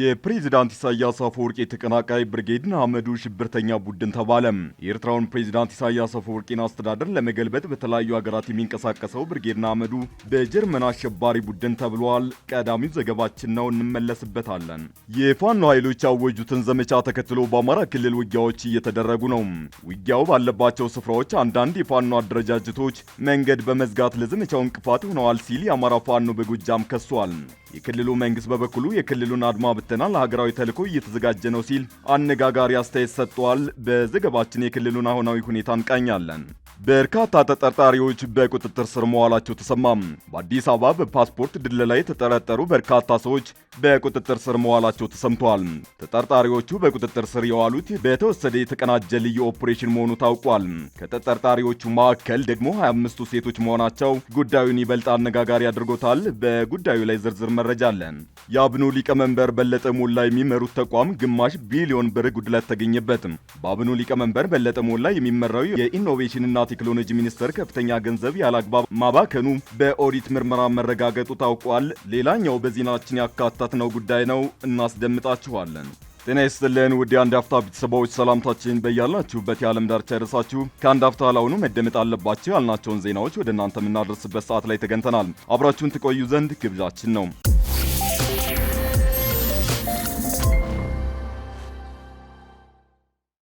የፕሬዚዳንት ኢሳያስ አፈወርቂ ተቀናቃይ ብርጌድ አህመዱ ሽብርተኛ ቡድን ተባለ። የኤርትራውን ፕሬዚዳንት ኢሳያስ አፈወርቂን አስተዳደር ለመገልበጥ በተለያዩ ሀገራት የሚንቀሳቀሰው ብርጌድ አህመዱ በጀርመን አሸባሪ ቡድን ተብሏል። ቀዳሚው ዘገባችን ነው፣ እንመለስበታለን። የፋኖ ኃይሎች ያወጁትን ዘመቻ ተከትሎ በአማራ ክልል ውጊያዎች እየተደረጉ ነው። ውጊያው ባለባቸው ስፍራዎች አንዳንድ የፋኖ አደረጃጀቶች መንገድ በመዝጋት ለዘመቻው እንቅፋት ሆነዋል ሲል የአማራ ፋኖ በጎጃም ከሷል። የክልሉ መንግስት በበኩሉ የክልሉን አድማ ብተና ለሀገራዊ ተልዕኮ እየተዘጋጀ ነው ሲል አነጋጋሪ አስተያየት ሰጥቷል። በዘገባችን የክልሉን አሁናዊ ሁኔታ እንቃኛለን። በርካታ ተጠርጣሪዎች በቁጥጥር ስር መዋላቸው ተሰማም። በአዲስ አበባ በፓስፖርት ድለላ የተጠረጠሩ በርካታ ሰዎች በቁጥጥር ስር መዋላቸው ተሰምተዋል። ተጠርጣሪዎቹ በቁጥጥር ስር የዋሉት በተወሰደ የተቀናጀ ልዩ ኦፕሬሽን መሆኑ ታውቋል። ከተጠርጣሪዎቹ መካከል ደግሞ 25ቱ ሴቶች መሆናቸው ጉዳዩን ይበልጥ አነጋጋሪ አድርጎታል። በጉዳዩ ላይ ዝርዝር መረጃ አለን። የአብኑ ሊቀመንበር በ በለጠ ሞላ የሚመሩት ተቋም ግማሽ ቢሊዮን ብር ጉድለት ተገኘበት። በአብኑ ሊቀመንበር በለጠ ሞላ የሚመራው የኢኖቬሽንና ቴክኖሎጂ ሚኒስቴር ከፍተኛ ገንዘብ ያላግባብ ማባከኑ በኦዲት ምርመራ መረጋገጡ ታውቋል። ሌላኛው በዜናችን ያካተትነው ጉዳይ ነው፣ እናስደምጣችኋለን። ጤና ይስጥልን ውድ የአንድ አፍታ ቤተሰቦች፣ ሰላምታችን በያላችሁበት የዓለም ዳርቻ ይድረሳችሁ። ከአንድ አፍታ ላሁኑ መደመጥ አለባቸው ያልናቸውን ዜናዎች ወደ እናንተ የምናደርስበት ሰዓት ላይ ተገኝተናል። አብራችሁን ትቆዩ ዘንድ ግብዣችን ነው።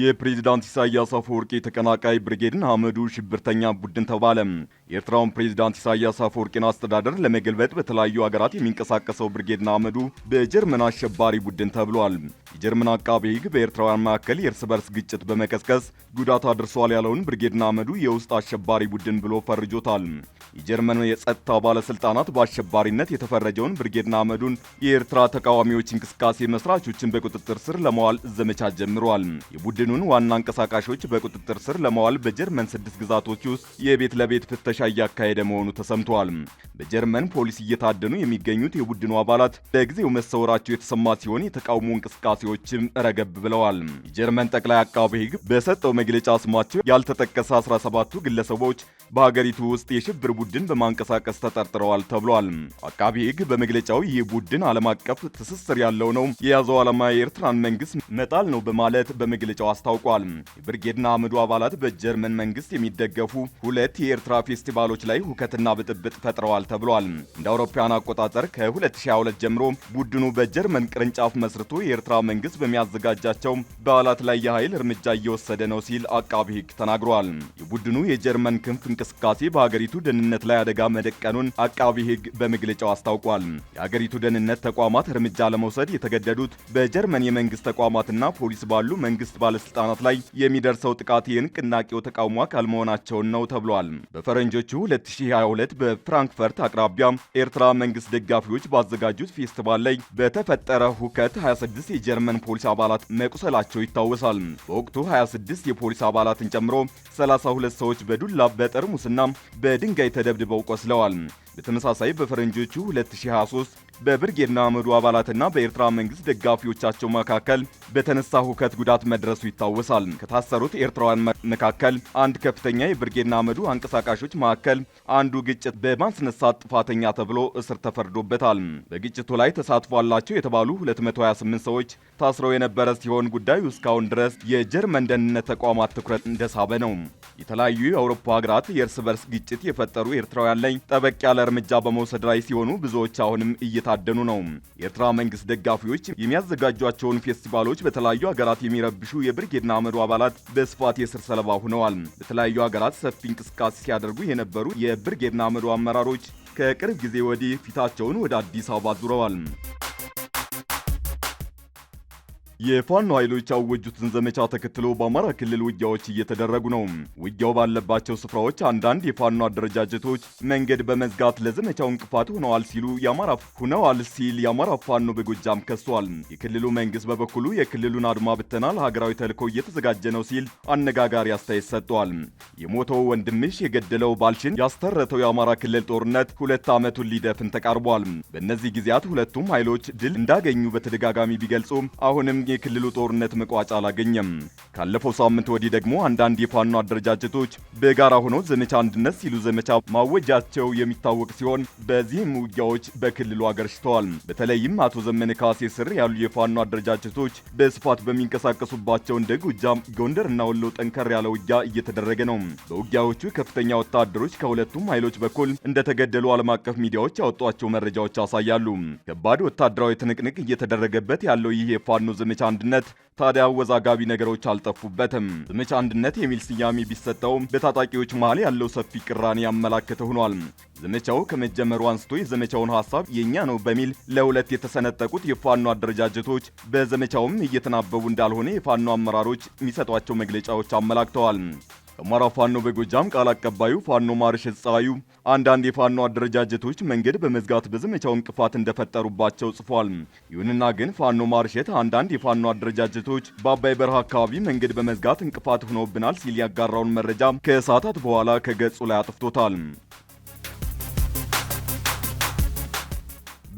የፕሬዝዳንት ኢሳያስ አፈወርቂ ተቀናቃይ ብርጌድን አህመዱ ሽብርተኛ ቡድን ተባለ። የኤርትራውን ፕሬዝዳንት ኢሳያስ አፈወርቂን አስተዳደር ለመገልበጥ በተለያዩ ሀገራት የሚንቀሳቀሰው ብርጌድን አህመዱ በጀርመን አሸባሪ ቡድን ተብሏል። የጀርመን አቃቤ ሕግ በኤርትራውያን መካከል የእርስ በርስ ግጭት በመቀስቀስ ጉዳት አድርሷል ያለውን ብርጌድና አመዱ የውስጥ አሸባሪ ቡድን ብሎ ፈርጆታል። የጀርመን የጸጥታ ባለስልጣናት በአሸባሪነት የተፈረጀውን ብርጌድና አመዱን የኤርትራ ተቃዋሚዎች እንቅስቃሴ መስራቾችን በቁጥጥር ስር ለመዋል ዘመቻ ጀምሯል። የቡድኑን ዋና አንቀሳቃሾች በቁጥጥር ስር ለመዋል በጀርመን ስድስት ግዛቶች ውስጥ የቤት ለቤት ፍተሻ እያካሄደ መሆኑ ተሰምቷል። በጀርመን ፖሊስ እየታደኑ የሚገኙት የቡድኑ አባላት ለጊዜው መሰወራቸው የተሰማ ሲሆን የተቃውሞ እንቅስቃሴ ኤምባሲዎችም ረገብ ብለዋል። የጀርመን ጠቅላይ አቃቢ ሕግ በሰጠው መግለጫ ስማቸው ያልተጠቀሰ 17ቱ ግለሰቦች በሀገሪቱ ውስጥ የሽብር ቡድን በማንቀሳቀስ ተጠርጥረዋል ተብሏል። አቃቢ ሕግ በመግለጫው ይህ ቡድን ዓለም አቀፍ ትስስር ያለው ነው፣ የያዘው ዓላማ የኤርትራን መንግስት መጣል ነው በማለት በመግለጫው አስታውቋል። የብርጌድና አምዱ አባላት በጀርመን መንግስት የሚደገፉ ሁለት የኤርትራ ፌስቲቫሎች ላይ ሁከትና ብጥብጥ ፈጥረዋል ተብሏል። እንደ አውሮፓውያን አቆጣጠር ከ2022 ጀምሮ ቡድኑ በጀርመን ቅርንጫፍ መስርቶ የኤርትራ መንግስት በሚያዘጋጃቸው በዓላት ላይ የኃይል እርምጃ እየወሰደ ነው ሲል አቃቢ ሕግ ተናግሯል። የቡድኑ የጀርመን ክንፍ እንቅስቃሴ በሀገሪቱ ደህንነት ላይ አደጋ መደቀኑን አቃቢ ሕግ በመግለጫው አስታውቋል። የሀገሪቱ ደህንነት ተቋማት እርምጃ ለመውሰድ የተገደዱት በጀርመን የመንግስት ተቋማትና ፖሊስ ባሉ መንግስት ባለስልጣናት ላይ የሚደርሰው ጥቃት የንቅናቄው ተቃውሞ አካል መሆናቸውን ነው ተብሏል። በፈረንጆቹ 2022 በፍራንክፈርት አቅራቢያ ኤርትራ መንግስት ደጋፊዎች ባዘጋጁት ፌስቲቫል ላይ በተፈጠረ ሁከት 26 የጀርመን የጀርመን ፖሊስ አባላት መቁሰላቸው ይታወሳል። በወቅቱ 26 የፖሊስ አባላትን ጨምሮ 32 ሰዎች በዱላ በጠርሙስና በድንጋይ ተደብድበው ቆስለዋል። በተመሳሳይ በፈረንጆቹ 2023 በብርጌድና አመዱ አባላትና በኤርትራ መንግስት ደጋፊዎቻቸው መካከል በተነሳ ሁከት ጉዳት መድረሱ ይታወሳል። ከታሰሩት ኤርትራውያን መካከል አንድ ከፍተኛ የብርጌድና አመዱ አንቀሳቃሾች መካከል አንዱ ግጭት በማስነሳት ጥፋተኛ ተብሎ እስር ተፈርዶበታል። በግጭቱ ላይ ተሳትፏላቸው የተባሉ 228 ሰዎች ታስረው የነበረ ሲሆን ጉዳዩ እስካሁን ድረስ የጀርመን ደህንነት ተቋማት ትኩረት እንደሳበ ነው። የተለያዩ የአውሮፓ ሀገራት የእርስ በርስ ግጭት የፈጠሩ ኤርትራውያን ላይ ጠበቅ ያለ እርምጃ በመውሰድ ላይ ሲሆኑ ብዙዎች አሁንም እይታ እየታደኑ ነው። የኤርትራ መንግስት ደጋፊዎች የሚያዘጋጇቸውን ፌስቲቫሎች በተለያዩ ሀገራት የሚረብሹ የብርጌድና አመዱ አባላት በስፋት የስር ሰለባ ሆነዋል። በተለያዩ ሀገራት ሰፊ እንቅስቃሴ ሲያደርጉ የነበሩ የብርጌድና አመዱ አመራሮች ከቅርብ ጊዜ ወዲህ ፊታቸውን ወደ አዲስ አበባ ዙረዋል። የፋኖ ኃይሎች ያወጁትን ዘመቻ ተከትሎ በአማራ ክልል ውጊያዎች እየተደረጉ ነው። ውጊያው ባለባቸው ስፍራዎች አንዳንድ የፋኖ አደረጃጀቶች መንገድ በመዝጋት ለዘመቻው እንቅፋት ሆነዋል ሲሉ የአማራ ሁነዋል ሲል የአማራ ፋኖ በጎጃም ከሷል። የክልሉ መንግስት በበኩሉ የክልሉን አድማ ብተና ለሀገራዊ ተልዕኮ እየተዘጋጀ ነው ሲል አነጋጋሪ አስተያየት ሰጥቷል። የሞተው ወንድምሽ የገደለው ባልሽን ያስተረተው የአማራ ክልል ጦርነት ሁለት ዓመቱን ሊደፍን ተቃርቧል። በእነዚህ ጊዜያት ሁለቱም ኃይሎች ድል እንዳገኙ በተደጋጋሚ ቢገልጹም አሁንም የክልሉ ጦርነት መቋጫ አላገኘም። ካለፈው ሳምንት ወዲህ ደግሞ አንዳንድ የፋኖ አደረጃጀቶች በጋራ ሆነው ዘመቻ አንድነት ሲሉ ዘመቻ ማወጃቸው የሚታወቅ ሲሆን በዚህም ውጊያዎች በክልሉ አገርሽተዋል። በተለይም አቶ ዘመነ ካሴ ስር ያሉ የፋኖ አደረጃጀቶች በስፋት በሚንቀሳቀሱባቸው እንደ ጎጃም፣ ጎንደርና ወሎ ጠንከር ያለ ውጊያ እየተደረገ ነው። በውጊያዎቹ ከፍተኛ ወታደሮች ከሁለቱም ኃይሎች በኩል እንደተገደሉ ዓለም አቀፍ ሚዲያዎች ያወጧቸው መረጃዎች ያሳያሉ። ከባድ ወታደራዊ ትንቅንቅ እየተደረገበት ያለው ይህ የፋኖ ዘመቻ ዘመቻ አንድነት ታዲያ አወዛጋቢ ነገሮች አልጠፉበትም። ዘመቻ አንድነት የሚል ስያሜ ቢሰጠውም በታጣቂዎች መሃል ያለው ሰፊ ቅራኔ ያመላከተ ሆኗል። ዘመቻው ከመጀመሩ አንስቶ የዘመቻውን ሐሳብ የእኛ ነው በሚል ለሁለት የተሰነጠቁት የፋኖ አደረጃጀቶች በዘመቻውም እየተናበቡ እንዳልሆነ የፋኖ አመራሮች የሚሰጧቸው መግለጫዎች አመላክተዋል። የአማራ ፋኖ በጎጃም ቃል አቀባዩ ፋኖ ማርሽ ጸሐዩ አንዳንድ የፋኖ አደረጃጀቶች መንገድ በመዝጋት በዘመቻው እንቅፋት እንደፈጠሩባቸው ጽፏል። ይሁንና ግን ፋኖ ማርሸት አንዳንድ የፋኖ አደረጃጀቶች በአባይ በረሃ አካባቢ መንገድ በመዝጋት እንቅፋት ሆኖብናል ሲል ያጋራውን መረጃ ከሰዓታት በኋላ ከገጹ ላይ አጥፍቶታል።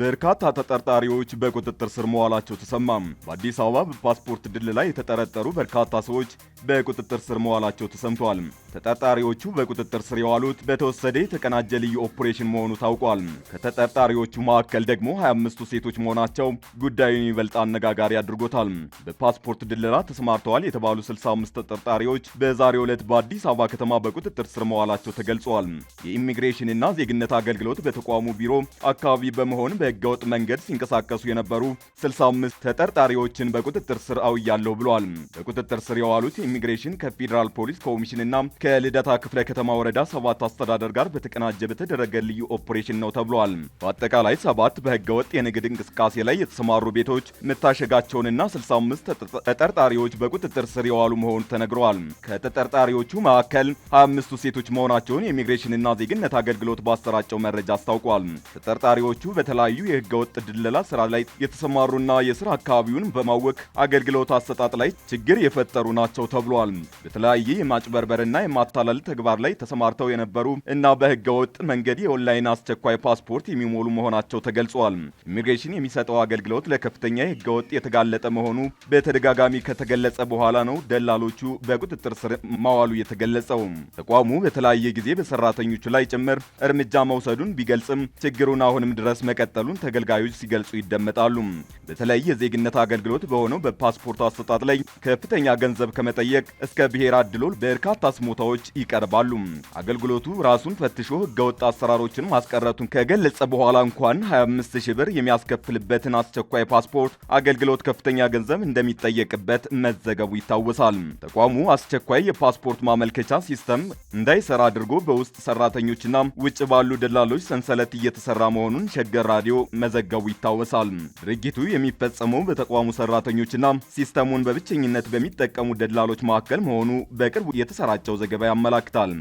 በርካታ ተጠርጣሪዎች በቁጥጥር ስር መዋላቸው ተሰማም። በአዲስ አበባ በፓስፖርት ድል ላይ የተጠረጠሩ በርካታ ሰዎች በቁጥጥር ስር መዋላቸው ተሰምቷል። ተጠርጣሪዎቹ በቁጥጥር ስር የዋሉት በተወሰደ የተቀናጀ ልዩ ኦፕሬሽን መሆኑ ታውቋል። ከተጠርጣሪዎቹ መካከል ደግሞ 25ቱ ሴቶች መሆናቸው ጉዳዩን ይበልጥ አነጋጋሪ አድርጎታል። በፓስፖርት ድለላ ተሰማርተዋል የተባሉ 65 ተጠርጣሪዎች በዛሬው ዕለት በአዲስ አበባ ከተማ በቁጥጥር ስር መዋላቸው ተገልጿል። የኢሚግሬሽንና ዜግነት አገልግሎት በተቋሙ ቢሮ አካባቢ በመሆን በ በህገወጥ መንገድ ሲንቀሳቀሱ የነበሩ 65 ተጠርጣሪዎችን በቁጥጥር ስር አውያለሁ ብለዋል። በቁጥጥር ስር የዋሉት ኢሚግሬሽን ከፌዴራል ፖሊስ ኮሚሽንና ከልደታ ክፍለ ከተማ ወረዳ ሰባት አስተዳደር ጋር በተቀናጀ በተደረገ ልዩ ኦፕሬሽን ነው ተብሏል። በአጠቃላይ ሰባት በህገወጥ የንግድ እንቅስቃሴ ላይ የተሰማሩ ቤቶች መታሸጋቸውንና 65 ተጠርጣሪዎች በቁጥጥር ስር የዋሉ መሆኑ ተነግረዋል። ከተጠርጣሪዎቹ መካከል 25ቱ ሴቶች መሆናቸውን የኢሚግሬሽንና ዜግነት አገልግሎት ባሰራጨው መረጃ አስታውቋል። ተጠርጣሪዎቹ በተለያዩ በተለያዩ ወጥ ድለላ ስራ ላይ የተሰማሩና የስራ አካባቢውን በማወክ አገልግሎት አሰጣጥ ላይ ችግር የፈጠሩ ናቸው ተብሏል። በተለያየ የማጭበርበርና የማታለል ተግባር ላይ ተሰማርተው የነበሩ እና ወጥ መንገድ የኦንላይን አስቸኳይ ፓስፖርት የሚሞሉ መሆናቸው ተገልጿል። ኢሚግሬሽን የሚሰጠው አገልግሎት ለከፍተኛ ወጥ የተጋለጠ መሆኑ በተደጋጋሚ ከተገለጸ በኋላ ነው ደላሎቹ በቁጥጥር ስር ማዋሉ የተገለጸው። ተቋሙ በተለያየ ጊዜ በሰራተኞቹ ላይ ጭምር እርምጃ መውሰዱን ቢገልጽም ችግሩን አሁንም ድረስ መቀጠሉ መሆኑን ተገልጋዮች ሲገልጹ ይደመጣሉ። በተለይ የዜግነት አገልግሎት በሆነው በፓስፖርት አሰጣጥ ላይ ከፍተኛ ገንዘብ ከመጠየቅ እስከ ብሔር አድሎ በርካታ ስሞታዎች ይቀርባሉ። አገልግሎቱ ራሱን ፈትሾ ህገወጥ አሰራሮችን ማስቀረቱን ከገለጸ በኋላ እንኳን 25 ሺህ ብር የሚያስከፍልበትን አስቸኳይ ፓስፖርት አገልግሎት ከፍተኛ ገንዘብ እንደሚጠየቅበት መዘገቡ ይታወሳል። ተቋሙ አስቸኳይ የፓስፖርት ማመልከቻ ሲስተም እንዳይሰራ አድርጎ በውስጥ ሰራተኞችና ውጭ ባሉ ደላሎች ሰንሰለት እየተሰራ መሆኑን ሸገር ራዲዮ ሬዲዮ መዘገቡ ይታወሳል። ድርጊቱ የሚፈጸመው በተቋሙ ሰራተኞችና ሲስተሙን በብቸኝነት በሚጠቀሙ ደላሎች መካከል መሆኑ በቅርቡ የተሰራጨው ዘገባ ያመላክታል።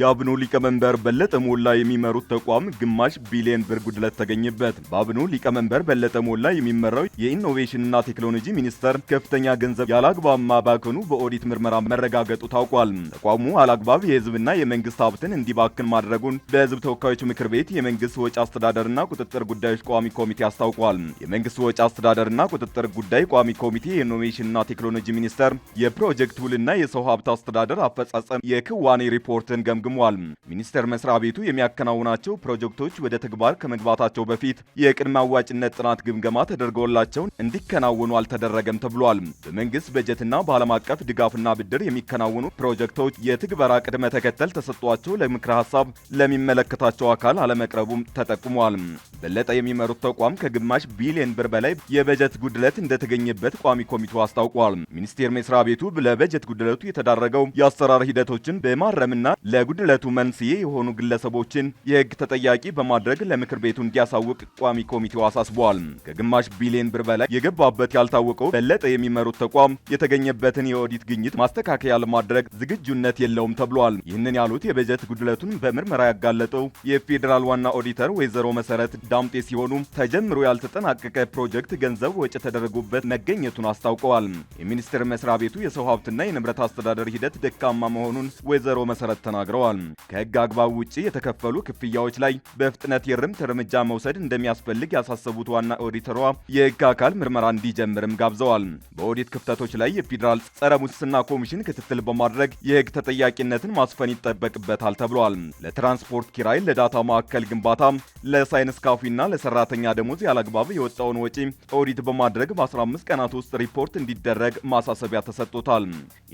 የአብኑ ሊቀመንበር በለጠ ሞላ የሚመሩት ተቋም ግማሽ ቢሊዮን ብር ጉድለት ተገኘበት። በአብኑ ሊቀመንበር በለጠ ሞላ የሚመራው የኢኖቬሽንና ቴክኖሎጂ ሚኒስቴር ከፍተኛ ገንዘብ ያላግባብ ማባከኑ በኦዲት ምርመራ መረጋገጡ ታውቋል። ተቋሙ አላግባብ የህዝብና የመንግስት ሀብትን እንዲባክን ማድረጉን በህዝብ ተወካዮች ምክር ቤት የመንግስት ወጪ አስተዳደርና ቁጥጥር ጉዳዮች ቋሚ ኮሚቴ አስታውቋል። የመንግስት ወጪ አስተዳደርና ቁጥጥር ጉዳይ ቋሚ ኮሚቴ የኢኖቬሽንና ቴክኖሎጂ ሚኒስቴር የፕሮጀክት ውልና የሰው ሀብት አስተዳደር አፈጻጸም የክዋኔ ሪፖርትን ገምግ ገምግሟል። ሚኒስቴር መስሪያ ቤቱ የሚያከናውናቸው ፕሮጀክቶች ወደ ተግባር ከመግባታቸው በፊት የቅድመ አዋጭነት ጥናት ግምገማ ተደርገውላቸው እንዲከናወኑ አልተደረገም ተብሏል። በመንግስት በጀትና በዓለም አቀፍ ድጋፍና ብድር የሚከናወኑ ፕሮጀክቶች የትግበራ ቅድመ ተከተል ተሰጥቷቸው ለምክረ ሀሳብ ለሚመለከታቸው አካል አለመቅረቡም ተጠቁሟል። በለጠ የሚመሩት ተቋም ከግማሽ ቢሊዮን ብር በላይ የበጀት ጉድለት እንደተገኘበት ቋሚ ኮሚቴው አስታውቋል። ሚኒስቴር መስሪያ ቤቱ ለበጀት ጉድለቱ የተዳረገው የአሰራር ሂደቶችን በማረምና ለጉ የጉድለቱ መንስኤ የሆኑ ግለሰቦችን የህግ ተጠያቂ በማድረግ ለምክር ቤቱ እንዲያሳውቅ ቋሚ ኮሚቴው አሳስቧል። ከግማሽ ቢሊዮን ብር በላይ የገባበት ያልታወቀው በለጠ የሚመሩት ተቋም የተገኘበትን የኦዲት ግኝት ማስተካከያ ለማድረግ ዝግጁነት የለውም ተብሏል። ይህንን ያሉት የበጀት ጉድለቱን በምርመራ ያጋለጠው የፌዴራል ዋና ኦዲተር ወይዘሮ መሰረት ዳምጤ ሲሆኑ ተጀምሮ ያልተጠናቀቀ ፕሮጀክት ገንዘብ ወጪ ተደረጉበት መገኘቱን አስታውቀዋል። የሚኒስቴር መስሪያ ቤቱ የሰው ሀብትና የንብረት አስተዳደር ሂደት ደካማ መሆኑን ወይዘሮ መሰረት ተናግረዋል። ገልጸዋል። ከህግ አግባብ ውጭ የተከፈሉ ክፍያዎች ላይ በፍጥነት የርምት እርምጃ መውሰድ እንደሚያስፈልግ ያሳሰቡት ዋና ኦዲተሯ የህግ አካል ምርመራ እንዲጀምርም ጋብዘዋል። በኦዲት ክፍተቶች ላይ የፌዴራል ጸረ ሙስና ኮሚሽን ክትትል በማድረግ የህግ ተጠያቂነትን ማስፈን ይጠበቅበታል ተብሏል። ለትራንስፖርት ኪራይ፣ ለዳታ ማዕከል ግንባታ፣ ለሳይንስ ካፊና ለሰራተኛ ደሞዝ ያለአግባብ የወጣውን ወጪ ኦዲት በማድረግ በ15 ቀናት ውስጥ ሪፖርት እንዲደረግ ማሳሰቢያ ተሰጥቶታል።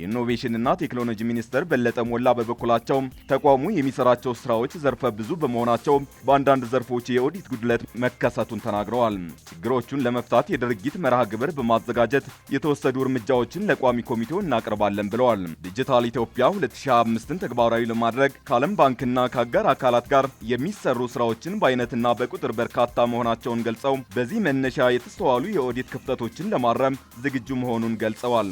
ኢኖቬሽንና ቴክኖሎጂ ሚኒስተር በለጠ ሞላ በበኩላቸው ተቋሙ የሚሰራቸው ስራዎች ዘርፈ ብዙ በመሆናቸው በአንዳንድ ዘርፎች የኦዲት ጉድለት መከሰቱን ተናግረዋል። ችግሮቹን ለመፍታት የድርጊት መርሃ ግብር በማዘጋጀት የተወሰዱ እርምጃዎችን ለቋሚ ኮሚቴው እናቀርባለን ብለዋል። ዲጂታል ኢትዮጵያ 2025ን ተግባራዊ ለማድረግ ከዓለም ባንክና ከአጋር አካላት ጋር የሚሰሩ ስራዎችን በአይነትና በቁጥር በርካታ መሆናቸውን ገልጸው በዚህ መነሻ የተስተዋሉ የኦዲት ክፍተቶችን ለማረም ዝግጁ መሆኑን ገልጸዋል።